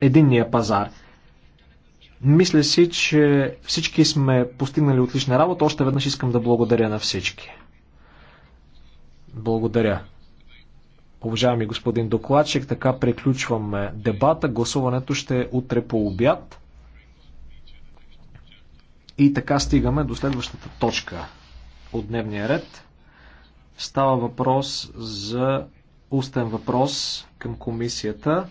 единния пазар. Мисля си, че всички сме постигнали отлична работа. Още веднъж искам да благодаря на всички. Благодаря. Уважаеми господин докладчик, така приключваме дебата. Гласуването ще е утре по обяд. И така стигаме до следващата точка от дневния ред. Става въпрос за устен въпрос към комисията.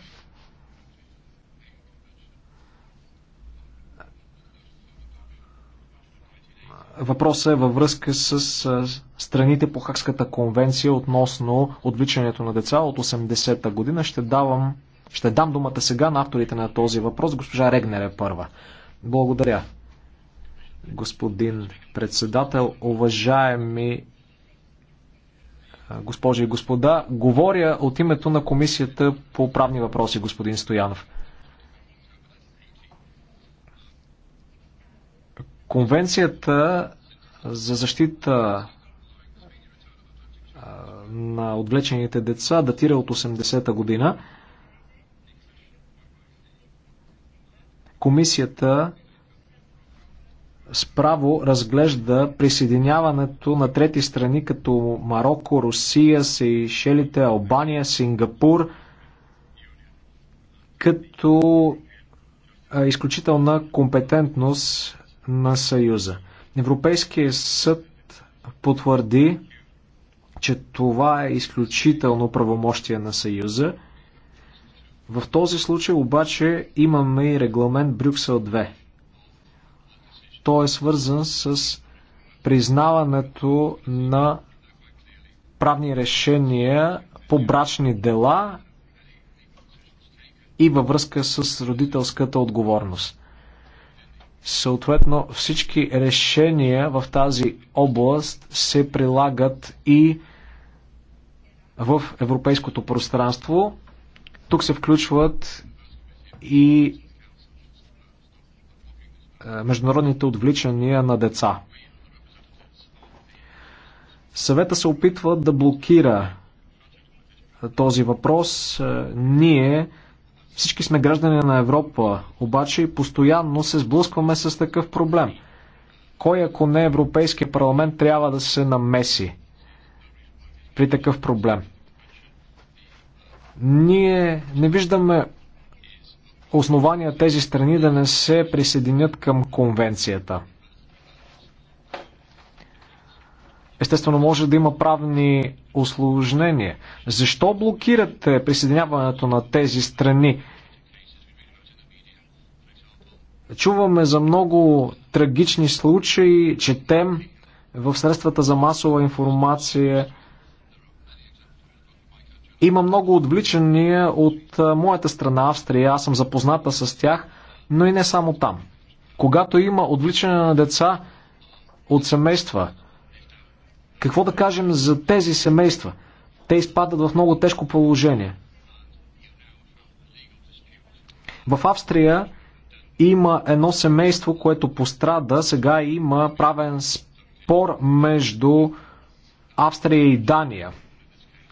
Въпросът е във връзка с страните по Хакската конвенция относно отвличането на деца от 80-та година. Ще, давам, ще дам думата сега на авторите на този въпрос. Госпожа Регнер е първа. Благодаря, господин председател. Уважаеми госпожи и господа, говоря от името на Комисията по правни въпроси, господин Стоянов. Конвенцията за защита на отвлечените деца датира от 80-та година. Комисията справо разглежда присъединяването на трети страни като Марокко, Русия, Сейшелите, Албания, Сингапур като изключителна компетентност на Съюза. Европейския съд потвърди, че това е изключително правомощие на Съюза. В този случай обаче имаме и регламент Брюксел 2. Той е свързан с признаването на правни решения по брачни дела и във връзка с родителската отговорност. Съответно, всички решения в тази област се прилагат и в европейското пространство. Тук се включват и е, международните отвличания на деца. Съвета се опитва да блокира този въпрос. Е, ние всички сме граждани на Европа, обаче и постоянно се сблъскваме с такъв проблем. Кой, ако не Европейския парламент, трябва да се намеси при такъв проблем? Ние не виждаме основания тези страни да не се присъединят към конвенцията – Естествено, може да има правни осложнения. Защо блокирате присъединяването на тези страни? Чуваме за много трагични случаи, четем в средствата за масова информация. Има много отвличания от моята страна, Австрия. Аз съм запозната с тях, но и не само там. Когато има отвличане на деца от семейства, какво да кажем за тези семейства? Те изпадат в много тежко положение. В Австрия има едно семейство, което пострада. Сега има правен спор между Австрия и Дания.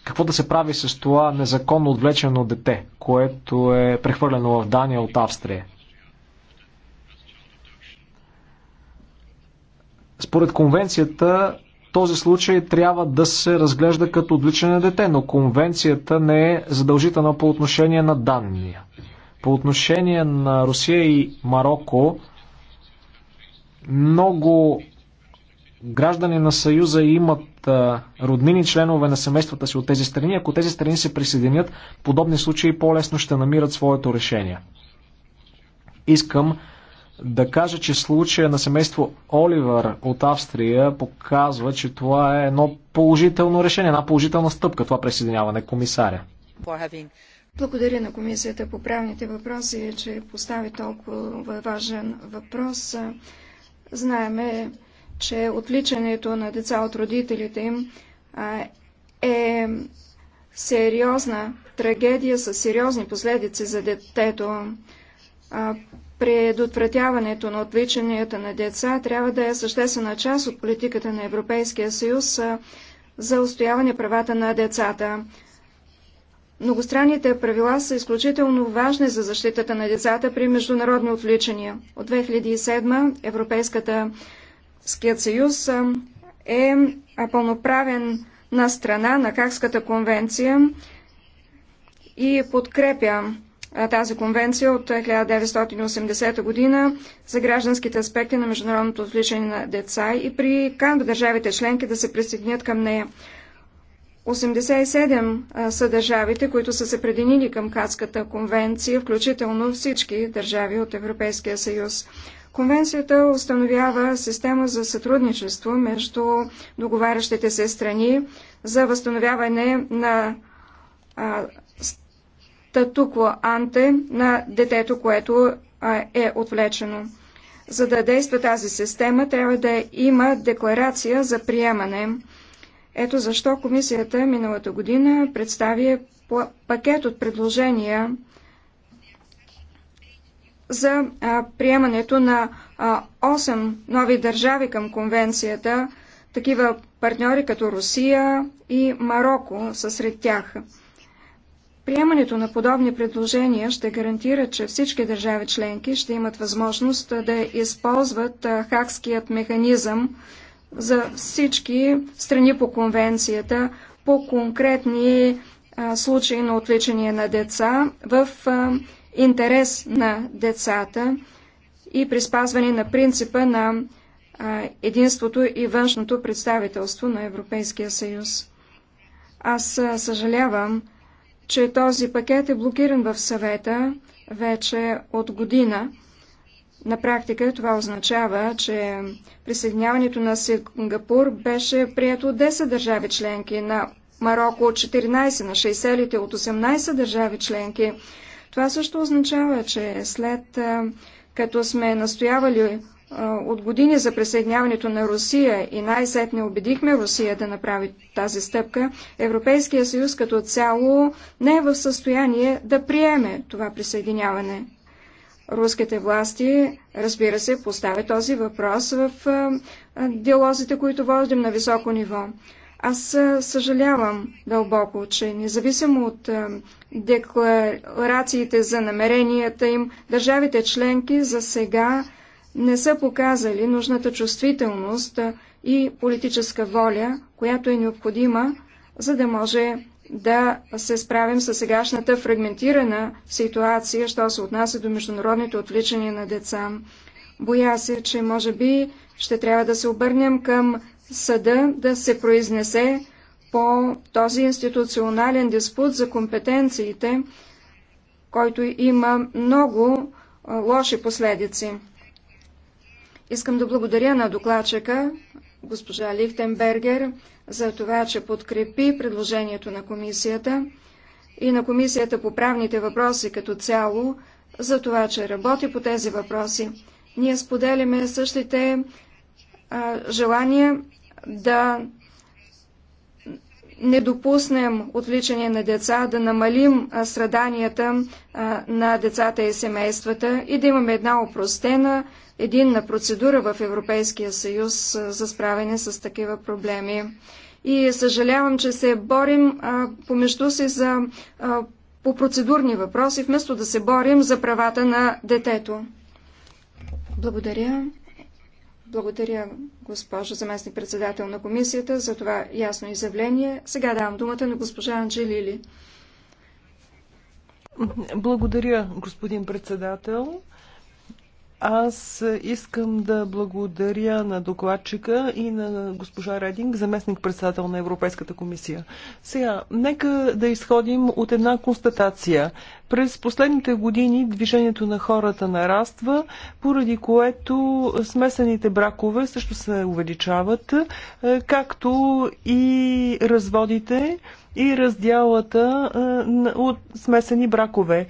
Какво да се прави с това незаконно отвлечено дете, което е прехвърлено в Дания от Австрия? Според конвенцията, този случай трябва да се разглежда като отличане на дете, но конвенцията не е задължителна по отношение на данния. По отношение на Русия и Марокко, много граждани на Съюза имат роднини членове на семействата си от тези страни. Ако тези страни се присъединят, подобни случаи по-лесно ще намират своето решение. Искам да кажа, че случая на семейство Оливър от Австрия показва, че това е едно положително решение, една положителна стъпка, това присъединяване комисаря. Благодаря на Комисията по правните въпроси, че постави толкова важен въпрос. Знаеме, че отличането на деца от родителите им е сериозна трагедия с сериозни последици за детето Предотвратяването на отвличанията на деца трябва да е съществена част от политиката на Европейския съюз за устояване правата на децата. Многостранните правила са изключително важни за защитата на децата при международни отвличания. От 2007 Европейската Ският съюз е пълноправен на страна на Хагската конвенция и подкрепя тази конвенция от 1980 е, година за гражданските аспекти на международното отвличане на деца и при канва държавите членки да се присъединят към нея. 87 са държавите, които са се прединили към Кацката конвенция, включително всички държави от Европейския съюз. Конвенцията установява система за сътрудничество между договарящите се страни за възстановяване на а, татуко анте на детето, което е отвлечено. За да действа тази система, трябва да има декларация за приемане. Ето защо комисията миналата година представи пакет от предложения за приемането на 8 нови държави към конвенцията. Такива партньори като Русия и Марокко са сред тях. Приемането на подобни предложения ще гарантира, че всички държави членки ще имат възможност да използват хакският механизъм за всички страни по конвенцията по конкретни случаи на отвличане на деца в интерес на децата и при спазване на принципа на единството и външното представителство на Европейския съюз. Аз съжалявам, че този пакет е блокиран в съвета вече от година. На практика това означава, че присъединяването на Сингапур беше прието от 10 държави членки, на Марокко от 14, на Шейселите от 18 държави членки. Това също означава, че след като сме настоявали от години за присъединяването на Русия и най-сетне убедихме Русия да направи тази стъпка, Европейския съюз като цяло не е в състояние да приеме това присъединяване. Руските власти, разбира се, поставят този въпрос в диалозите, които водим на високо ниво. Аз съжалявам дълбоко, че независимо от декларациите за намеренията им, държавите членки за сега не са показали нужната чувствителност и политическа воля, която е необходима, за да може да се справим с сегашната фрагментирана ситуация, що се отнася до международните отвличания на деца. Боя се, че може би ще трябва да се обърнем към съда да се произнесе по този институционален диспут за компетенциите, който има много лоши последици. Искам да благодаря на докладчика, госпожа Лихтенбергер, за това, че подкрепи предложението на комисията и на комисията по правните въпроси като цяло, за това, че работи по тези въпроси. Ние споделяме същите а, желания да не допуснем отвличане на деца, да намалим страданията на децата и семействата и да имаме една опростена, единна процедура в Европейския съюз за справяне с такива проблеми. И съжалявам, че се борим помежду си за по процедурни въпроси, вместо да се борим за правата на детето. Благодаря. Благодаря госпожо заместник-председател на комисията, за това ясно изявление. Сега давам думата на госпожа Анджелили. Благодаря, господин председател. Аз искам да благодаря на докладчика и на госпожа Рединг, заместник-председател на Европейската комисия. Сега, нека да изходим от една констатация. През последните години движението на хората нараства, поради което смесените бракове също се увеличават, е, както и разводите и разделата от смесени бракове.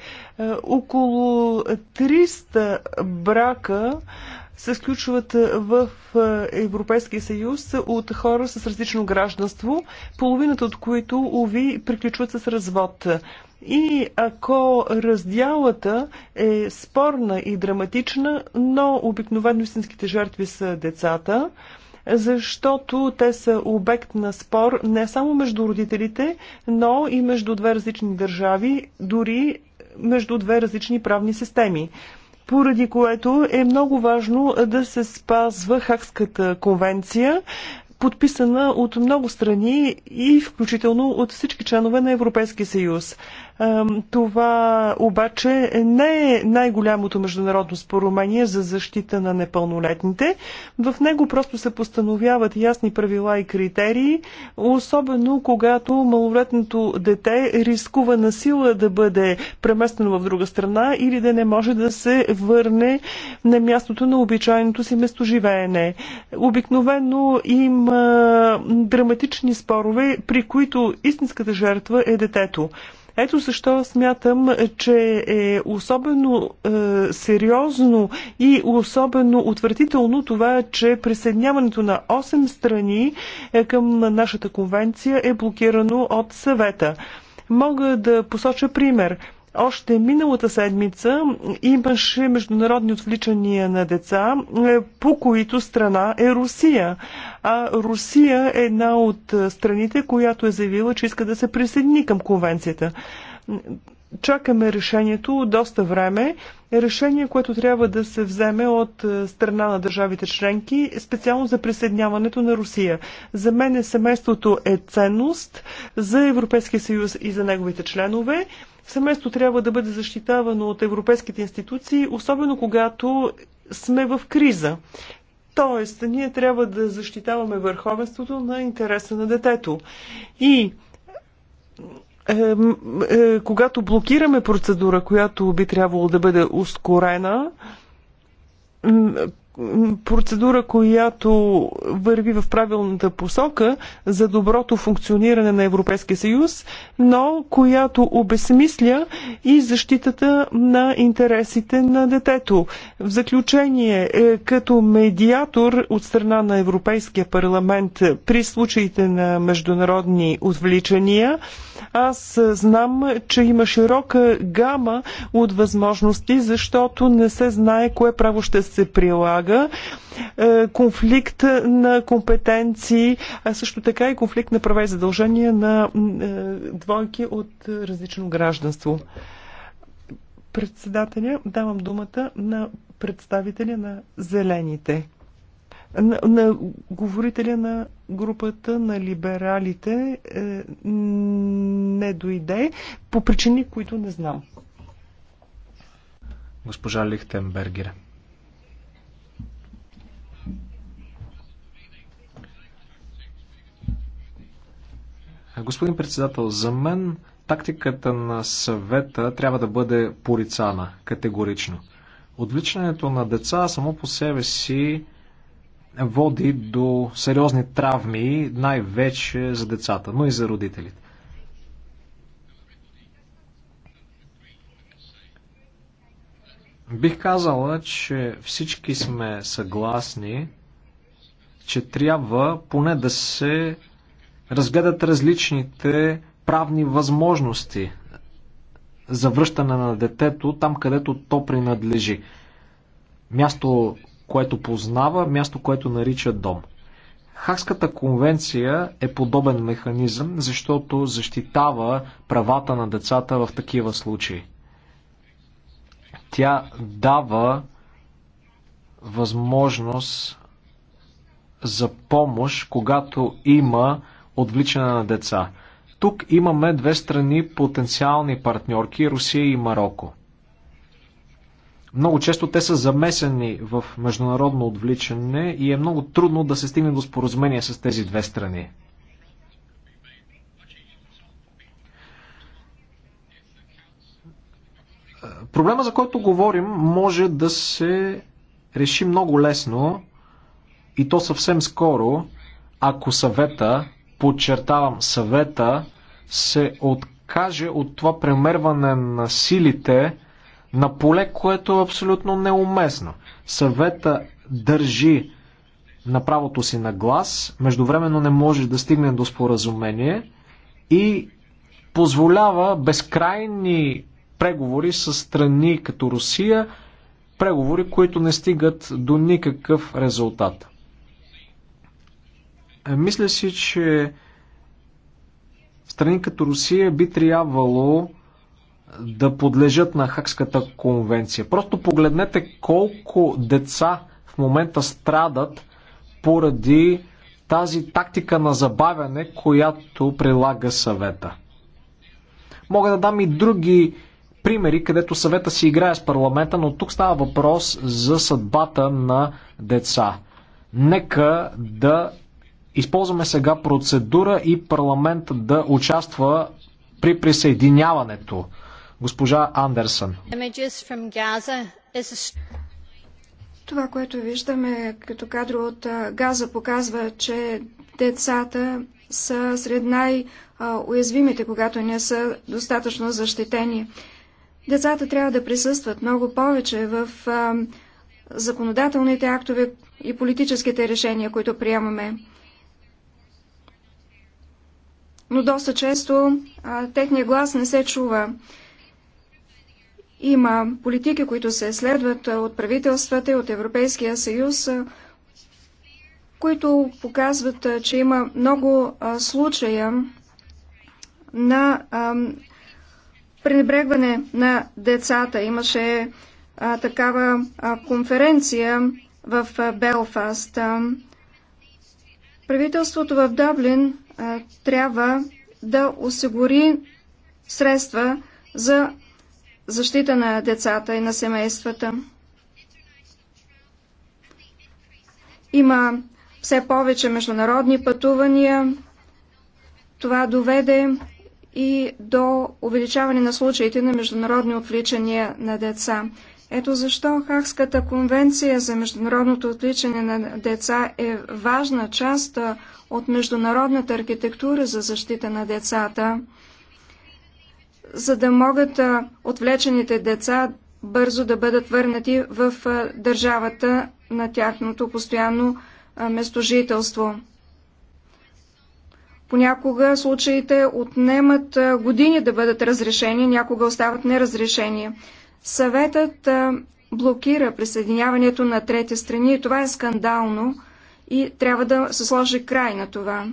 Около 300 брака се сключват в Европейския съюз от хора с различно гражданство, половината от които, уви, приключват с развод. И ако раздялата е спорна и драматична, но обикновено истинските жертви са децата, защото те са обект на спор не само между родителите, но и между две различни държави, дори между две различни правни системи поради което е много важно да се спазва Хакската конвенция, подписана от много страни и включително от всички членове на Европейския съюз. Това обаче не е най-голямото международно споразумение за защита на непълнолетните. В него просто се постановяват ясни правила и критерии, особено когато малолетното дете рискува на сила да бъде преместено в друга страна или да не може да се върне на мястото на обичайното си местоживеене. Обикновено има драматични спорове, при които истинската жертва е детето. Ето защо смятам, че е особено е, сериозно и особено утвърдително това, че присъединяването на 8 страни е, към нашата конвенция е блокирано от съвета. Мога да посоча пример. Още миналата седмица имаше международни отвличания на деца, е, по които страна е Русия. А Русия е една от е, страните, която е заявила, че иска да се присъедини към конвенцията. Чакаме решението доста време. Решение, което трябва да се вземе от е, страна на държавите членки, специално за присъединяването на Русия. За мен семейството е ценност за Европейския съюз и за неговите членове. Семейство трябва да бъде защитавано от европейските институции, особено когато сме в криза. Тоест, ние трябва да защитаваме върховенството на интереса на детето. И е, когато блокираме процедура, която би трябвало да бъде ускорена, процедура, която върви в правилната посока за доброто функциониране на Европейския съюз, но която обесмисля и защитата на интересите на детето. В заключение, е, като медиатор от страна на Европейския парламент при случаите на международни отвличания, аз знам, че има широка гама от възможности, защото не се знае кое право ще се прилага предлага е, конфликт на компетенции, а също така и конфликт на права и задължения на е, двойки от различно гражданство. Председателя, давам думата на представителя на зелените. На, на говорителя на групата на либералите е, не дойде по причини, които не знам. Госпожа Лихтенбергер. Господин председател, за мен тактиката на съвета трябва да бъде порицана категорично. Отвличането на деца само по себе си води до сериозни травми, най-вече за децата, но и за родителите. Бих казала, че всички сме съгласни, че трябва поне да се разгледат различните правни възможности за връщане на детето там, където то принадлежи. Място, което познава, място, което нарича дом. Хакската конвенция е подобен механизъм, защото защитава правата на децата в такива случаи. Тя дава възможност за помощ, когато има отвличане на деца. Тук имаме две страни потенциални партньорки Русия и Марокко. Много често те са замесени в международно отвличане и е много трудно да се стигне до споразумение с тези две страни. Проблема, за който говорим, може да се реши много лесно и то съвсем скоро, ако съвета подчертавам, съвета се откаже от това премерване на силите на поле, което е абсолютно неуместно. Съвета държи на правото си на глас, междувременно не може да стигне до споразумение и позволява безкрайни преговори с страни като Русия, преговори, които не стигат до никакъв резултат. Мисля си, че страни като Русия би трябвало да подлежат на Хакската конвенция. Просто погледнете колко деца в момента страдат поради тази тактика на забавяне, която прилага съвета. Мога да дам и други примери, където съвета си играе с парламента, но тук става въпрос за съдбата на деца. Нека да Използваме сега процедура и парламент да участва при присъединяването. Госпожа Андерсън. Това, което виждаме като кадро от Газа, показва, че децата са сред най-уязвимите, когато не са достатъчно защитени. Децата трябва да присъстват много повече в законодателните актове и политическите решения, които приемаме но доста често а, техния глас не се чува. Има политики, които се следват от правителствата и от Европейския съюз, които показват, че има много а, случая на а, пренебрегване на децата. Имаше а, такава а, конференция в а, Белфаст. А, Правителството в Даблин а, трябва да осигури средства за защита на децата и на семействата. Има все повече международни пътувания. Това доведе и до увеличаване на случаите на международни отвличания на деца. Ето защо Хахската конвенция за международното отличане на деца е важна част от международната архитектура за защита на децата, за да могат отвлечените деца бързо да бъдат върнати в държавата на тяхното постоянно местожителство. Понякога случаите отнемат години да бъдат разрешени, някога остават неразрешени. Съветът блокира присъединяването на трети страни и това е скандално и трябва да се сложи край на това.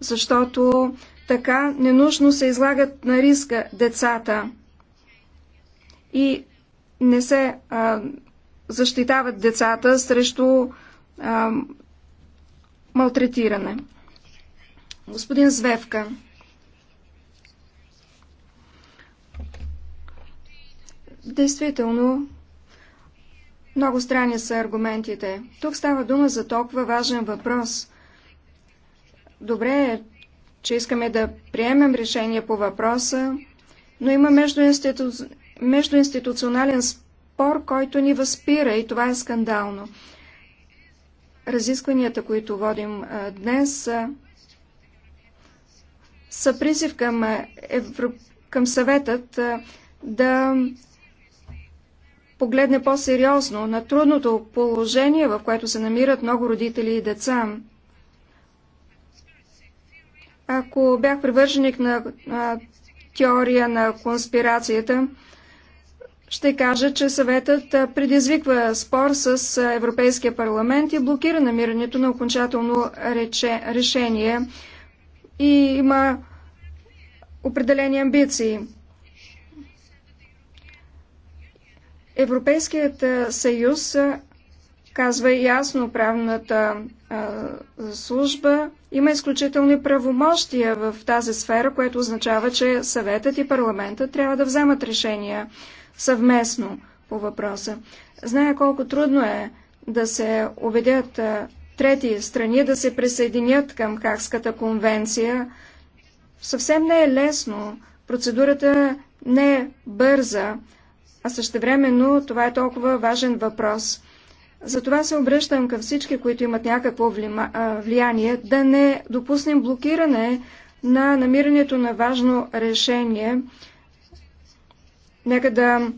Защото така ненужно се излагат на риска децата и не се а, защитават децата срещу а, малтретиране. Господин Звевка. Действително, много странни са аргументите. Тук става дума за толкова важен въпрос. Добре е, че искаме да приемем решение по въпроса, но има междуинститу... междуинституционален спор, който ни възпира и това е скандално. Разискванията, които водим днес, са призив към, Евро... към съветът да погледне по-сериозно на трудното положение, в което се намират много родители и деца. Ако бях привърженик на на теория на конспирацията, ще кажа, че съветът предизвиква спор с Европейския парламент и блокира намирането на окончателно рече, решение и има определени амбиции. Европейският съюз казва ясно правната а, служба, има изключителни правомощия в тази сфера, което означава, че съветът и парламентът трябва да вземат решения съвместно по въпроса. Зная колко трудно е да се убедят а, трети страни да се присъединят към Хакската конвенция. Съвсем не е лесно. Процедурата не е бърза. А същевременно това е толкова важен въпрос. Затова се обръщам към всички, които имат някакво влияние, да не допуснем блокиране на намирането на важно решение. Нека да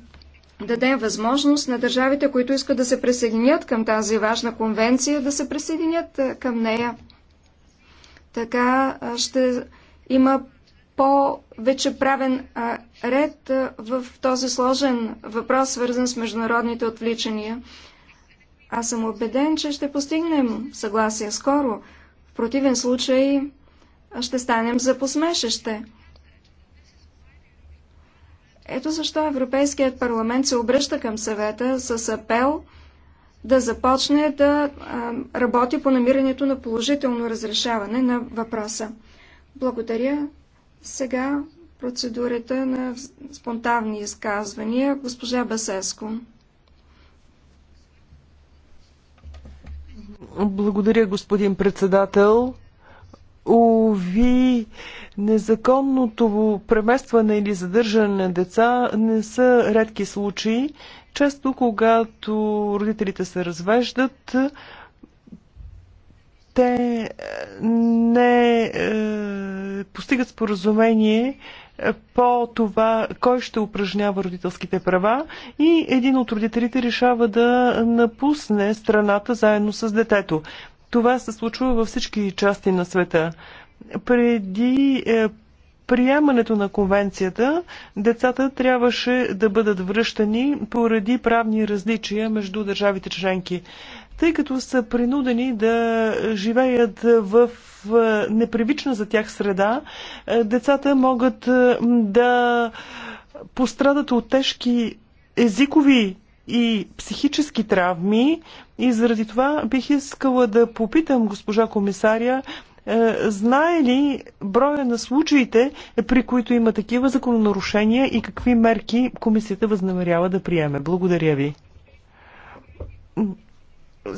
дадем възможност на държавите, които искат да се присъединят към тази важна конвенция, да се присъединят към нея. Така ще има по-вече правен ред в този сложен въпрос, свързан с международните отвличания. Аз съм убеден, че ще постигнем съгласие скоро. В противен случай ще станем за посмешеще. Ето защо Европейският парламент се обръща към съвета с апел да започне да работи по намирането на положително разрешаване на въпроса. Благодаря. Сега процедурата на спонтанни изказвания. Госпожа Басеско. Благодаря, господин председател. Ови, незаконното преместване или задържане на деца не са редки случаи. Често, когато родителите се развеждат, те е, не е, постигат споразумение е, по това кой ще упражнява родителските права и един от родителите решава да напусне страната заедно с детето. Това се случва във всички части на света. Преди приемането на конвенцията, децата трябваше да бъдат връщани поради правни различия между държавите членки тъй като са принудени да живеят в е, непривична за тях среда. Е, децата могат е, да пострадат от тежки езикови и психически травми и заради това бих искала да попитам госпожа комисаря знае ли броя на случаите, при които има такива закононарушения и какви мерки комисията възнамерява да приеме? Благодаря ви.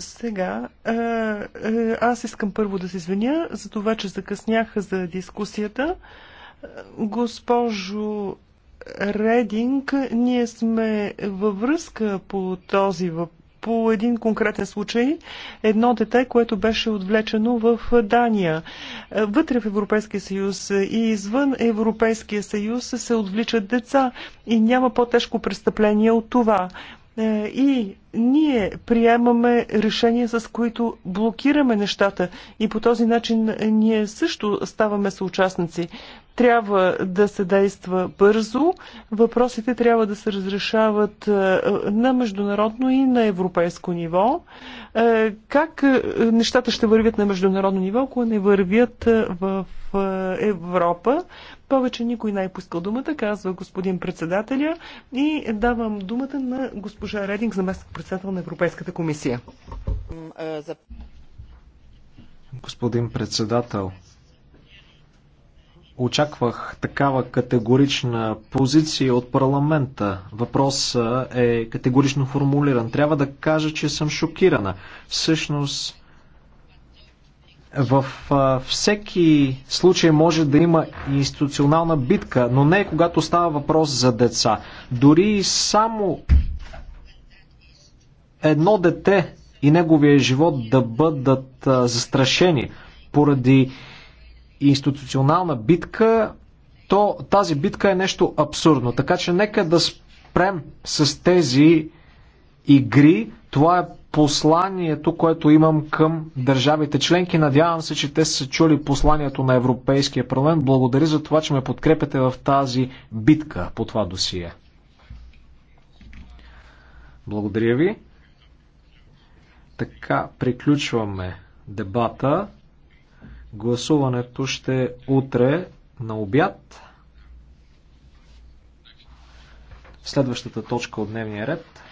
Сега, аз искам първо да се извиня за това, че закъсняха за дискусията. Госпожо Рединг, ние сме във връзка по този въпрос по един конкретен случай едно дете, което беше отвлечено в Дания. Вътре в Европейския съюз и извън Европейския съюз се отвличат деца и няма по-тежко престъпление от това. Е, и ние приемаме решения, с които блокираме нещата и по този начин ние също ставаме съучастници. Трябва да се действа бързо, въпросите трябва да се разрешават е, на международно и на европейско ниво. Е, как е, нещата ще вървят на международно ниво, ако не вървят в Европа? Повече никой не е пускал думата, казва господин председателя и давам думата на госпожа Рединг, заместник председател председател на Европейската комисия. Господин председател, очаквах такава категорична позиция от парламента. Въпросът е категорично формулиран. Трябва да кажа, че съм шокирана. Всъщност, в а, всеки случай може да има институционална битка, но не когато става въпрос за деца. Дори само едно дете и неговия живот да бъдат застрашени поради институционална битка, то тази битка е нещо абсурдно. Така че нека да спрем с тези игри. Това е посланието, което имам към държавите членки. Надявам се, че те са чули посланието на Европейския парламент. Благодаря за това, че ме подкрепяте в тази битка по това досие. Благодаря ви. Така приключваме дебата. Гласуването ще е утре на обяд. Следващата точка от дневния ред.